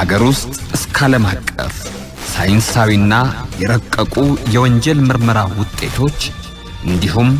ሀገር ውስጥ እስከ ዓለም አቀፍ ሳይንሳዊና የረቀቁ የወንጀል ምርመራ ውጤቶች እንዲሁም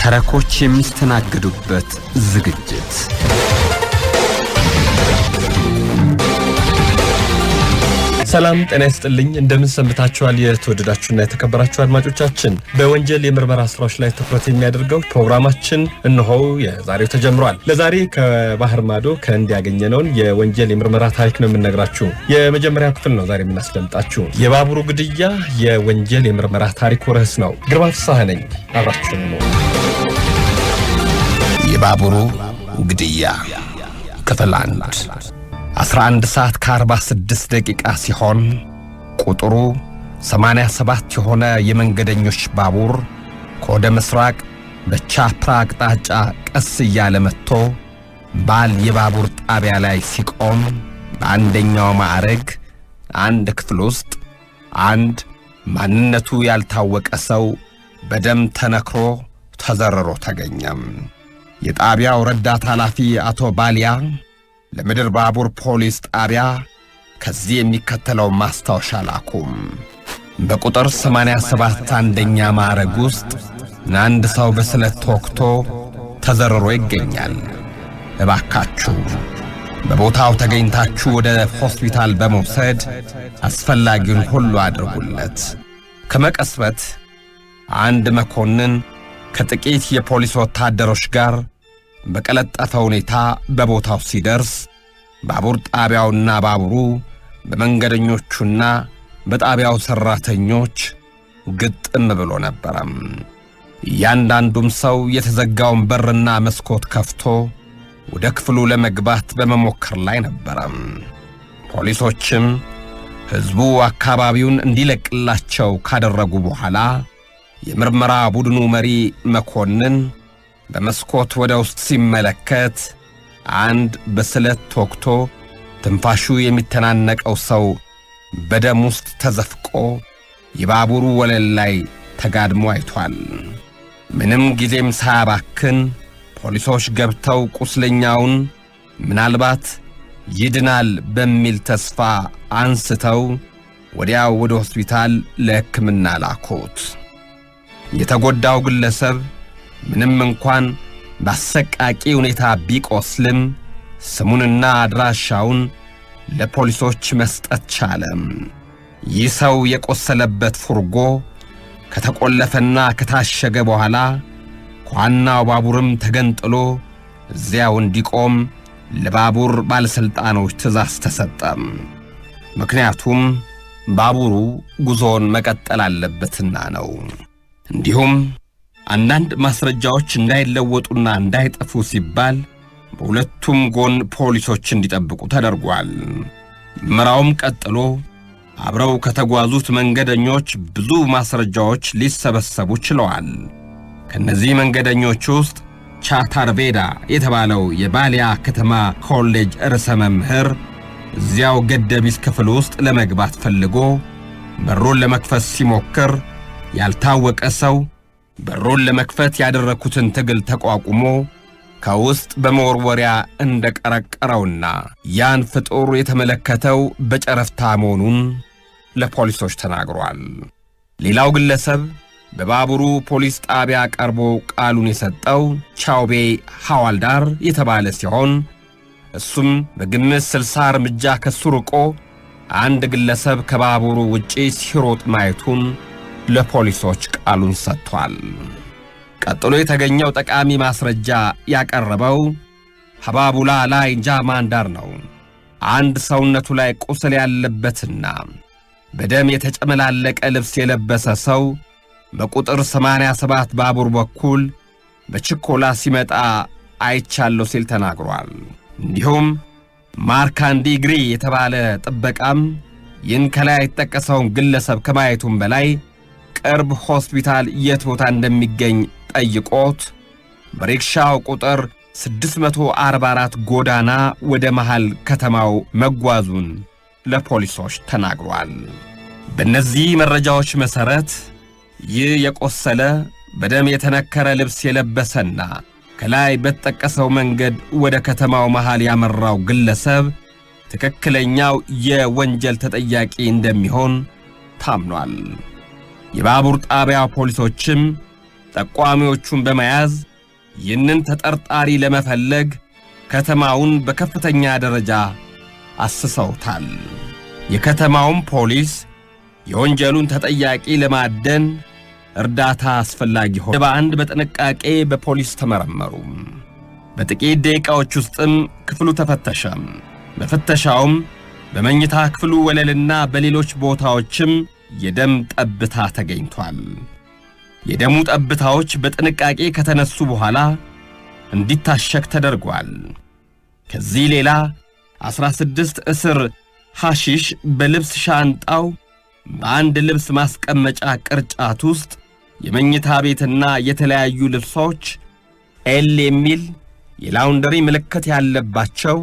ተረኮች የሚስተናገዱበት ዝግጅት ሰላም ጤና ይስጥልኝ። እንደምን የተወደዳችሁና የተከበራችሁ አድማጮቻችን በወንጀል የምርመራ ስራዎች ላይ ትኩረት የሚያደርገው ፕሮግራማችን እነሆው የዛሬው ተጀምሯል። ለዛሬ ከባህር ማዶ ከህንድ ያገኘነውን የወንጀል የምርመራ ታሪክ ነው የምንነግራችሁ። የመጀመሪያ ክፍል ነው ዛሬ የምናስደምጣችሁ። የባቡሩ ግድያ የወንጀል የምርመራ ታሪኩ ርዕስ ነው። ግርማ ፍስሐ ነኝ። አብራችሁ ነው። የባቡሩ ግድያ ክፍል አንድ 11 ሰዓት ከ46 ደቂቃ ሲሆን ቁጥሩ 87 የሆነ የመንገደኞች ባቡር ከወደ ምስራቅ በቻፕራ አቅጣጫ ቀስ እያለ መጥቶ ባል የባቡር ጣቢያ ላይ ሲቆም በአንደኛው ማዕረግ አንድ ክፍል ውስጥ አንድ ማንነቱ ያልታወቀ ሰው በደም ተነክሮ ተዘርሮ ተገኘም። የጣቢያው ረዳት ኃላፊ አቶ ባሊያ ለምድር ባቡር ፖሊስ ጣቢያ ከዚህ የሚከተለው ማስታወሻ ላኩም። በቁጥር 87 አንደኛ ማዕረግ ውስጥ አንድ ሰው በስለት ተወግቶ ተዘርሮ ይገኛል። እባካችሁ በቦታው ተገኝታችሁ ወደ ሆስፒታል በመውሰድ አስፈላጊውን ሁሉ አድርጉለት። ከመቀስበት አንድ መኮንን ከጥቂት የፖሊስ ወታደሮች ጋር በቀለጠፈ ሁኔታ በቦታው ሲደርስ ባቡር ጣቢያውና ባቡሩ በመንገደኞቹና በጣቢያው ሠራተኞች ግጥም ብሎ ነበረም። እያንዳንዱም ሰው የተዘጋውን በርና መስኮት ከፍቶ ወደ ክፍሉ ለመግባት በመሞከር ላይ ነበረም። ፖሊሶችም ሕዝቡ አካባቢውን እንዲለቅላቸው ካደረጉ በኋላ የምርመራ ቡድኑ መሪ መኮንን በመስኮት ወደ ውስጥ ሲመለከት አንድ በስለት ተወግቶ ትንፋሹ የሚተናነቀው ሰው በደም ውስጥ ተዘፍቆ የባቡሩ ወለል ላይ ተጋድሞ አይቷል። ምንም ጊዜም ሳያባክን ፖሊሶች ገብተው ቁስለኛውን ምናልባት ይድናል በሚል ተስፋ አንስተው ወዲያው ወደ ሆስፒታል ለሕክምና ላኩት። የተጎዳው ግለሰብ ምንም እንኳን በአሰቃቂ ሁኔታ ቢቆስልም ስሙንና አድራሻውን ለፖሊሶች መስጠት ቻለ። ይህ ሰው የቆሰለበት ፉርጎ ከተቆለፈና ከታሸገ በኋላ ከዋናው ባቡርም ተገንጥሎ እዚያው እንዲቆም ለባቡር ባለሥልጣኖች ትእዛዝ ተሰጠ። ምክንያቱም ባቡሩ ጉዞውን መቀጠል አለበትና ነው። እንዲሁም አንዳንድ ማስረጃዎች እንዳይለወጡና እንዳይጠፉ ሲባል በሁለቱም ጎን ፖሊሶች እንዲጠብቁ ተደርጓል። ምራውም ቀጥሎ አብረው ከተጓዙት መንገደኞች ብዙ ማስረጃዎች ሊሰበሰቡ ችለዋል። ከእነዚህ መንገደኞች ውስጥ ቻታርቬዳ የተባለው የባሊያ ከተማ ኮሌጅ ርዕሰ መምህር እዚያው ገደቢስ ክፍል ውስጥ ለመግባት ፈልጎ በሩን ለመክፈት ሲሞክር ያልታወቀ ሰው በሩን ለመክፈት ያደረግኩትን ትግል ተቋቁሞ ከውስጥ በመወርወሪያ እንደ ቀረቀረውና ያን ፍጡር የተመለከተው በጨረፍታ መሆኑን ለፖሊሶች ተናግሯል። ሌላው ግለሰብ በባቡሩ ፖሊስ ጣቢያ ቀርቦ ቃሉን የሰጠው ቻውቤ ሐዋልዳር የተባለ ሲሆን እሱም በግምት ስልሳ እርምጃ ከሱ ርቆ አንድ ግለሰብ ከባቡሩ ውጪ ሲሮጥ ማየቱን ለፖሊሶች ቃሉን ሰጥቷል። ቀጥሎ የተገኘው ጠቃሚ ማስረጃ ያቀረበው ሐባቡላ ላይ ጃማንዳር ነው። አንድ ሰውነቱ ላይ ቁስል ያለበትና በደም የተጨመላለቀ ልብስ የለበሰ ሰው በቁጥር 87 ባቡር በኩል በችኮላ ሲመጣ አይቻለሁ ሲል ተናግሯል። እንዲሁም ማርካንዲግሪ የተባለ ጥበቃም ይህን ከላይ የተጠቀሰውን ግለሰብ ከማየቱም በላይ ቅርብ ሆስፒታል የት ቦታ እንደሚገኝ ጠይቆት በሪክሻው ቁጥር 644 ጎዳና ወደ መሃል ከተማው መጓዙን ለፖሊሶች ተናግሯል። በእነዚህ መረጃዎች መሠረት ይህ የቆሰለ በደም የተነከረ ልብስ የለበሰና ከላይ በተጠቀሰው መንገድ ወደ ከተማው መሃል ያመራው ግለሰብ ትክክለኛው የወንጀል ተጠያቂ እንደሚሆን ታምኗል። የባቡር ጣቢያ ፖሊሶችም ጠቋሚዎቹን በመያዝ ይህንን ተጠርጣሪ ለመፈለግ ከተማውን በከፍተኛ ደረጃ አስሰውታል። የከተማውን ፖሊስ የወንጀሉን ተጠያቂ ለማደን እርዳታ አስፈላጊ ሆነ በአንድ በጥንቃቄ በፖሊስ ተመረመሩ። በጥቂት ደቂቃዎች ውስጥም ክፍሉ ተፈተሸም። በፍተሻውም በመኝታ ክፍሉ ወለልና በሌሎች ቦታዎችም የደም ጠብታ ተገኝቷል። የደሙ ጠብታዎች በጥንቃቄ ከተነሱ በኋላ እንዲታሸግ ተደርጓል። ከዚህ ሌላ ዐሥራ ስድስት እስር ሐሺሽ በልብስ ሻንጣው በአንድ ልብስ ማስቀመጫ ቅርጫት ውስጥ የመኝታ ቤትና የተለያዩ ልብሶች ኤል የሚል የላውንደሪ ምልክት ያለባቸው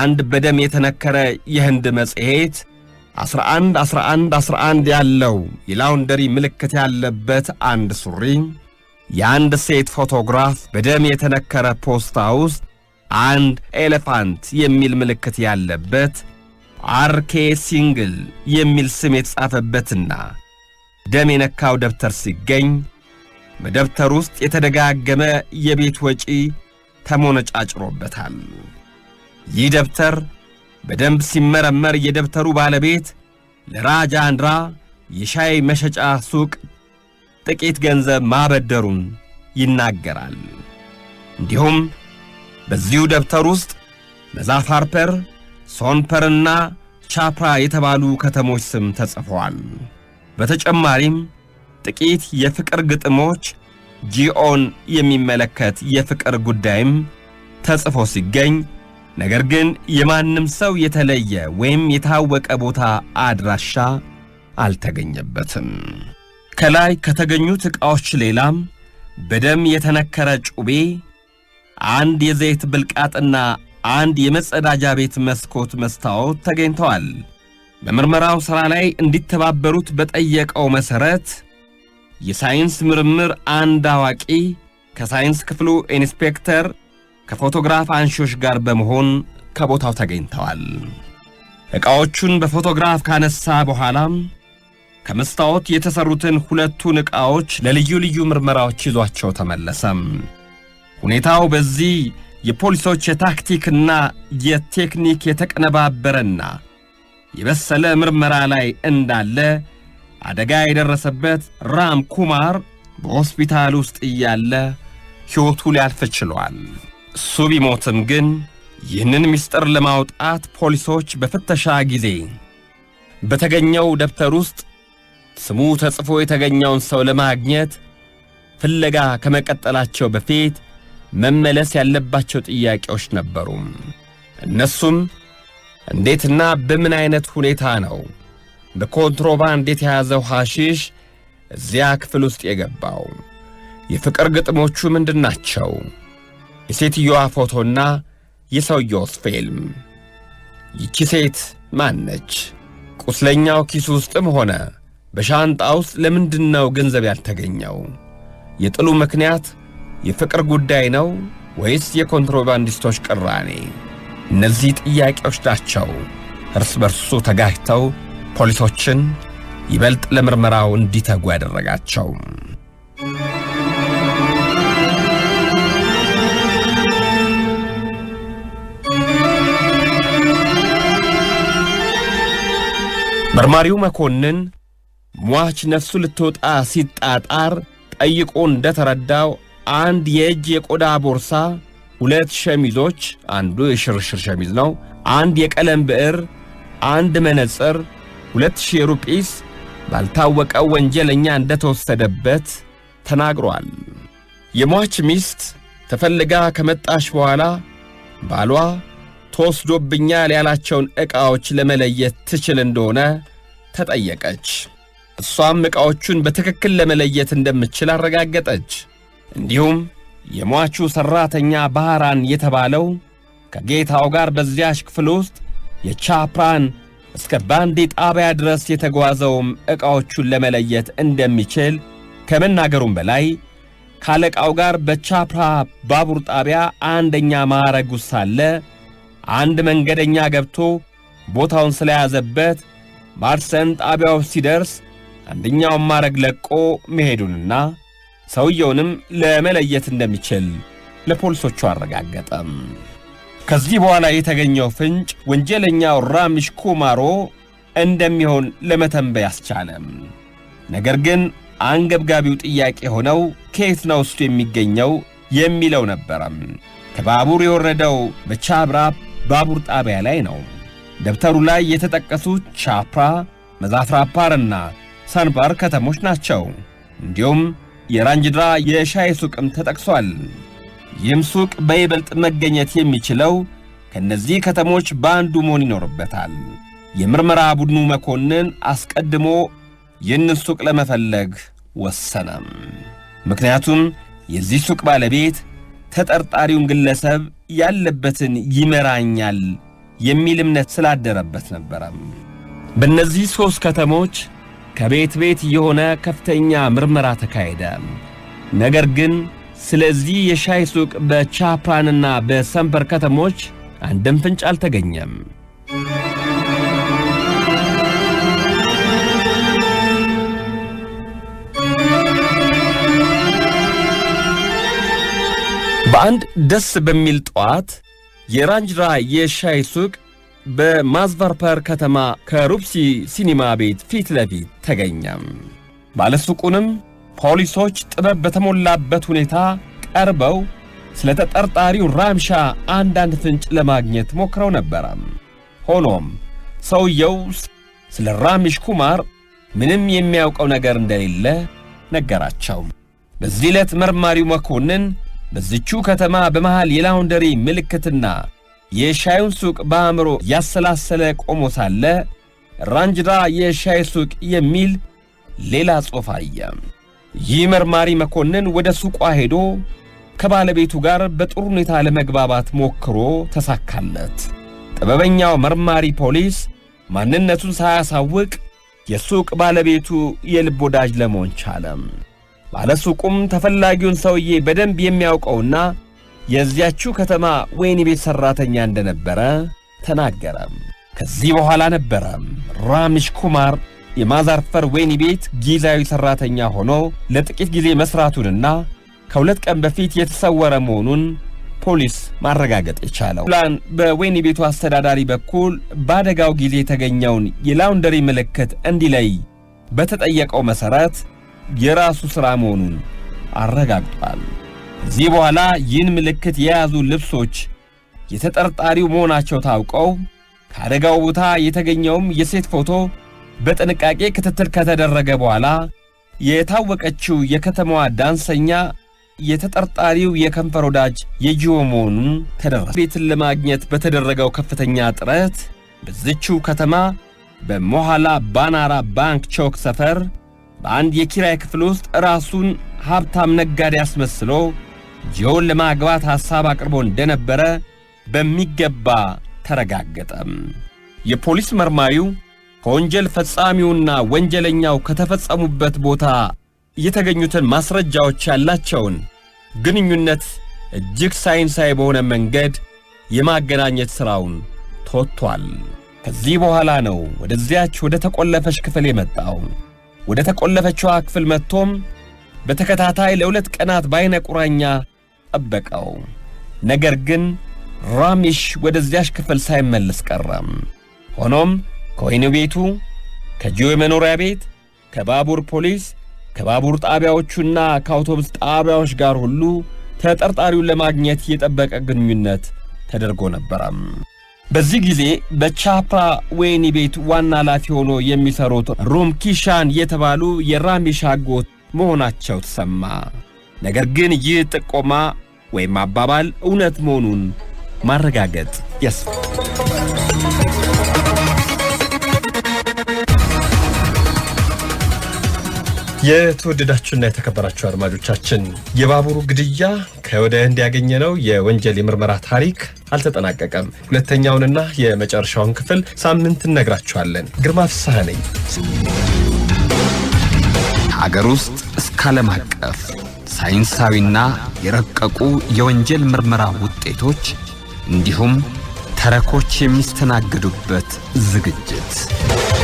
አንድ በደም የተነከረ የህንድ መጽሔት 11 11 11 ያለው የላውንደሪ ምልክት ያለበት አንድ ሱሪ የአንድ ሴት ፎቶግራፍ በደም የተነከረ ፖስታ ውስጥ አንድ ኤሌፋንት የሚል ምልክት ያለበት አርኬ ሲንግል የሚል ስም የተጻፈበትና ደም የነካው ደብተር ሲገኝ በደብተር ውስጥ የተደጋገመ የቤት ወጪ ተሞነጫጭሮበታል። ይህ ደብተር በደንብ ሲመረመር የደብተሩ ባለቤት ለራጃ አንድራ የሻይ መሸጫ ሱቅ ጥቂት ገንዘብ ማበደሩን ይናገራል። እንዲሁም በዚሁ ደብተር ውስጥ መዛፋርፐር፣ ሶንፐርና ቻፕራ የተባሉ ከተሞች ስም ተጽፈዋል። በተጨማሪም ጥቂት የፍቅር ግጥሞች፣ ጂኦን የሚመለከት የፍቅር ጉዳይም ተጽፎ ሲገኝ ነገር ግን የማንም ሰው የተለየ ወይም የታወቀ ቦታ አድራሻ አልተገኘበትም። ከላይ ከተገኙት ዕቃዎች ሌላም በደም የተነከረ ጩቤ፣ አንድ የዘይት ብልቃጥና አንድ የመጸዳጃ ቤት መስኮት መስታወት ተገኝተዋል። በምርመራው ሥራ ላይ እንዲተባበሩት በጠየቀው መሠረት የሳይንስ ምርምር አንድ አዋቂ ከሳይንስ ክፍሉ ኢንስፔክተር ከፎቶግራፍ አንሺዎች ጋር በመሆን ከቦታው ተገኝተዋል። ዕቃዎቹን በፎቶግራፍ ካነሳ በኋላም ከመስታወት የተሠሩትን ሁለቱን ዕቃዎች ለልዩ ልዩ ምርመራዎች ይዟቸው ተመለሰም። ሁኔታው በዚህ የፖሊሶች የታክቲክና የቴክኒክ የተቀነባበረና የበሰለ ምርመራ ላይ እንዳለ አደጋ የደረሰበት ራም ኩማር በሆስፒታል ውስጥ እያለ ሕይወቱ ሊያልፍ ችሏል። እሱ ቢሞትም ግን ይህንን ምስጢር ለማውጣት ፖሊሶች በፍተሻ ጊዜ በተገኘው ደብተር ውስጥ ስሙ ተጽፎ የተገኘውን ሰው ለማግኘት ፍለጋ ከመቀጠላቸው በፊት መመለስ ያለባቸው ጥያቄዎች ነበሩ። እነሱም እንዴትና በምን አይነት ሁኔታ ነው በኮንትሮባንድ የተያዘው ሐሺሽ እዚያ ክፍል ውስጥ የገባው? የፍቅር ግጥሞቹ ምንድናቸው? የሴትየዋ ፎቶና የሰውየውስ ፊልም። ይቺ ሴት ነች? ቁስለኛው ኪስ ውስጥም ሆነ በሻንጣ ውስጥ ለምንድን ነው ገንዘብ ያልተገኘው? የጥሉ ምክንያት የፍቅር ጉዳይ ነው ወይስ የኮንትሮባንዲስቶች ቅራኔ? እነዚህ ጥያቄዎች ናቸው እርስ በርሱ ተጋጅተው ፖሊሶችን ይበልጥ ለምርመራው እንዲተጉ ያደረጋቸው። መርማሪው መኮንን ሟች ነፍሱ ልትወጣ ሲጣጣር ጠይቆ እንደተረዳው አንድ የእጅ የቆዳ ቦርሳ፣ ሁለት ሸሚዞች አንዱ የሽርሽር ሸሚዝ ነው፣ አንድ የቀለም ብዕር፣ አንድ መነጽር፣ ሁለት ሺህ ሩጲስ ባልታወቀው ወንጀለኛ እንደተወሰደበት ተናግሯል። የሟች ሚስት ተፈልጋ ከመጣች በኋላ ባሏ ተወስዶብኛል ያላቸውን ዕቃዎች ለመለየት ትችል እንደሆነ ተጠየቀች። እሷም ዕቃዎቹን በትክክል ለመለየት እንደምችል አረጋገጠች። እንዲሁም የሟቹ ሠራተኛ ባሕራን የተባለው ከጌታው ጋር በዚያች ክፍል ውስጥ የቻፕራን እስከ ባንዲ ጣቢያ ድረስ የተጓዘውም ዕቃዎቹን ለመለየት እንደሚችል ከመናገሩም በላይ ካለቃው ጋር በቻፕራ ባቡር ጣቢያ አንደኛ ውስጥ ሳለ አንድ መንገደኛ ገብቶ ቦታውን ስለያዘበት ማርሰን ጣቢያው ሲደርስ አንደኛውን ማረግ ለቆ መሄዱንና ሰውየውንም ለመለየት እንደሚችል ለፖሊሶቹ አረጋገጠም። ከዚህ በኋላ የተገኘው ፍንጭ ወንጀለኛው ራሚሽ ኩማሮ እንደሚሆን ለመተንበይ አስቻለም። ነገር ግን አንገብጋቢው ጥያቄ ሆነው ከየት ነው እሱ የሚገኘው የሚለው ነበረም። ከባቡር የወረደው በቻብራፕ ባቡር ጣቢያ ላይ ነው። ደብተሩ ላይ የተጠቀሱት ቻፕራ፣ መዛፍራፓር እና ሳንባር ከተሞች ናቸው። እንዲሁም የራንጅድራ የሻይ ሱቅም ተጠቅሷል። ይህም ሱቅ በይበልጥ መገኘት የሚችለው ከእነዚህ ከተሞች በአንዱ መሆን ይኖርበታል። የምርመራ ቡድኑ መኮንን አስቀድሞ ይህንን ሱቅ ለመፈለግ ወሰነም። ምክንያቱም የዚህ ሱቅ ባለቤት ተጠርጣሪውን ግለሰብ ያለበትን ይመራኛል የሚል እምነት ስላደረበት ነበረም። በእነዚህ ሦስት ከተሞች ከቤት ቤት የሆነ ከፍተኛ ምርመራ ተካሄደ። ነገር ግን ስለዚህ የሻይ ሱቅ በቻፕራንና በሰንፐር ከተሞች አንድም ፍንጭ አልተገኘም። በአንድ ደስ በሚል ጠዋት የራንጅራ የሻይ ሱቅ በማዝቫርፐር ከተማ ከሩፕሲ ሲኒማ ቤት ፊት ለፊት ተገኘም። ባለሱቁንም ፖሊሶች ጥበብ በተሞላበት ሁኔታ ቀርበው ስለ ተጠርጣሪው ራምሻ አንዳንድ ፍንጭ ለማግኘት ሞክረው ነበረ። ሆኖም ሰውየው ስለ ራሚሽ ኩማር ምንም የሚያውቀው ነገር እንደሌለ ነገራቸው። በዚህ ዕለት መርማሪው መኮንን በዚቹ ከተማ በመሃል የላውንደሪ ምልክትና የሻዩን ሱቅ በአእምሮ ያሰላሰለ ቆሞ ሳለ ራንጅራ የሻይ ሱቅ የሚል ሌላ ጽሑፍ አየ። ይህ መርማሪ መኮንን ወደ ሱቋ ሄዶ ከባለቤቱ ጋር በጥሩ ሁኔታ ለመግባባት ሞክሮ ተሳካለት። ጥበበኛው መርማሪ ፖሊስ ማንነቱን ሳያሳውቅ የሱቅ ባለቤቱ የልብ ወዳጅ ለመሆን ቻለም። ባለሱቁም ተፈላጊውን ሰውዬ በደንብ የሚያውቀውና የዚያችው ከተማ ወይን ቤት ሠራተኛ እንደነበረ ተናገረም። ከዚህ በኋላ ነበረ ራሚሽ ኩማር የማዛርፈር ወይን ቤት ጊዜያዊ ሠራተኛ ሆኖ ለጥቂት ጊዜ መሥራቱንና ከሁለት ቀን በፊት የተሰወረ መሆኑን ፖሊስ ማረጋገጥ የቻለው ላን በወይን ቤቱ አስተዳዳሪ በኩል በአደጋው ጊዜ የተገኘውን የላውንደሪ ምልክት እንዲለይ በተጠየቀው መሠረት የራሱ ሥራ መሆኑን አረጋግጧል። ከዚህ በኋላ ይህን ምልክት የያዙ ልብሶች የተጠርጣሪው መሆናቸው ታውቀው ከአደጋው ቦታ የተገኘውም የሴት ፎቶ በጥንቃቄ ክትትል ከተደረገ በኋላ የታወቀችው የከተማዋ ዳንሰኛ የተጠርጣሪው የከንፈር ወዳጅ የጂሆ መሆኑን ተደረሰ። ቤትን ለማግኘት በተደረገው ከፍተኛ ጥረት በዝችው ከተማ በሞኋላ ባናራ ባንክ ቾክ ሰፈር በአንድ የኪራይ ክፍል ውስጥ ራሱን ሀብታም ነጋዴ አስመስሎ ጆን ለማግባት ሐሳብ አቅርቦ እንደነበረ በሚገባ ተረጋገጠም። የፖሊስ መርማሪው ከወንጀል ፈጻሚውና ወንጀለኛው ከተፈጸሙበት ቦታ የተገኙትን ማስረጃዎች ያላቸውን ግንኙነት እጅግ ሳይንሳዊ በሆነ መንገድ የማገናኘት ሥራውን ተወጥቷል። ከዚህ በኋላ ነው ወደዚያች ወደ ተቆለፈች ክፍል የመጣው። ወደ ተቆለፈችዋ ክፍል መጥቶም በተከታታይ ለሁለት ቀናት በዓይነ ቁራኛ ጠበቀው። ነገር ግን ራሚሽ ወደዚያሽ ክፍል ሳይመለስ ቀረም። ሆኖም ከወህኒ ቤቱ፣ ከጂዮ መኖሪያ ቤት፣ ከባቡር ፖሊስ፣ ከባቡር ጣቢያዎቹና ከአውቶቡስ ጣቢያዎች ጋር ሁሉ ተጠርጣሪውን ለማግኘት የጠበቀ ግንኙነት ተደርጎ ነበረም። በዚህ ጊዜ በቻፓ ወይኒ ቤት ዋና ኃላፊ ሆኖ የሚሰሩት ኪሻን የተባሉ የራሚሻ አጎት መሆናቸው ተሰማ። ነገር ግን ይህ ጥቆማ ወይም አባባል እውነት መሆኑን ማረጋገጥ ያስፈልጋል። የተወደዳችሁና የተከበራችሁ አድማጮቻችን የባቡሩ ግድያ ከወደ ህንድ ያገኘነው የወንጀል የምርመራ ታሪክ አልተጠናቀቀም። ሁለተኛውንና የመጨረሻውን ክፍል ሳምንት እነግራችኋለን። ግርማ ፍስሐ ነኝ። ከአገር ውስጥ እስከ ዓለም አቀፍ ሳይንሳዊና የረቀቁ የወንጀል ምርመራ ውጤቶች እንዲሁም ተረኮች የሚስተናግዱበት ዝግጅት